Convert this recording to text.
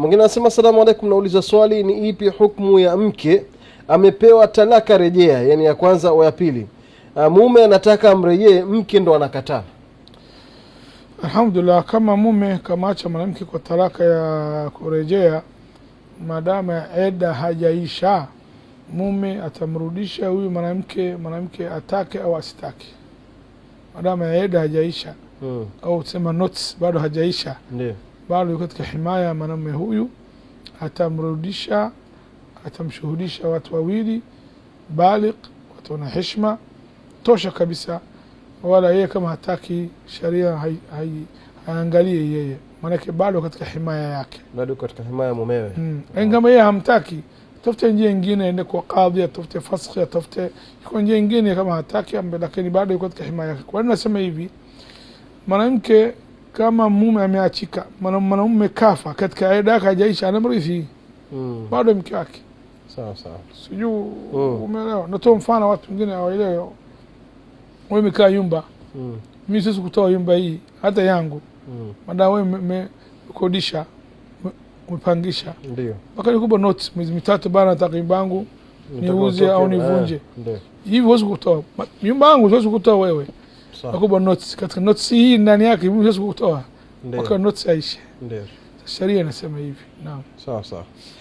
mwingine anasema asalamu alaikum, nauliza swali ni ipi hukumu ya mke amepewa talaka rejea, yani ya kwanza au ya pili? Ah, mume anataka amrejee, mke ndo anakataa. Alhamdulillah, kama mume kamaacha mwanamke kwa talaka ya kurejea, ya eda hajaisha, mume atamrudisha huyu mwanamke, mwanamke atake au asitake, madamu ya eda hajaisha hmm. au sema notes bado hajaisha ndio bado yuko katika himaya ya mwanamume huyu, atamrudisha atamshuhudisha watu wawili baligh, watu wana heshima tosha kabisa, wala yeye kama hataki sharia haangalie hai, yeye maanake bado katika himaya yake, bado katika himaya ya mumewe mm. Wow. Kama yeye hamtaki tafute njia nyingine, ende kwa kadhi, atafute fasakhi, atafute iko njia nyingine kama hataki, lakini bado yuko katika himaya yake. Kwa nini nasema hivi? mwanamke kama mume ameachika, mwanamume kafa, katika aida yake hajaishi, anamrithi mm. bado mke wake. sijuu mm. umeelewa. Natoa mfano watu wengine hawaelewe. Wewe umekaa nyumba mm. mi sisi kutoa nyumba hii hata yangu mm. madawa wewe umekodisha, umepangisha, ndio mpaka nikupa notice mwezi mitatu bana, nataka nyumba yangu niuze au nivunje. Eh, Hivi huwezi kutoa nyumba yangu, huwezi kutoa wewe wakubwa notes. Katika notes hii ndani yake huwezi kutoa mpaka notes aishe. Ndio sheria inasema hivi. Naam, sawa sawa.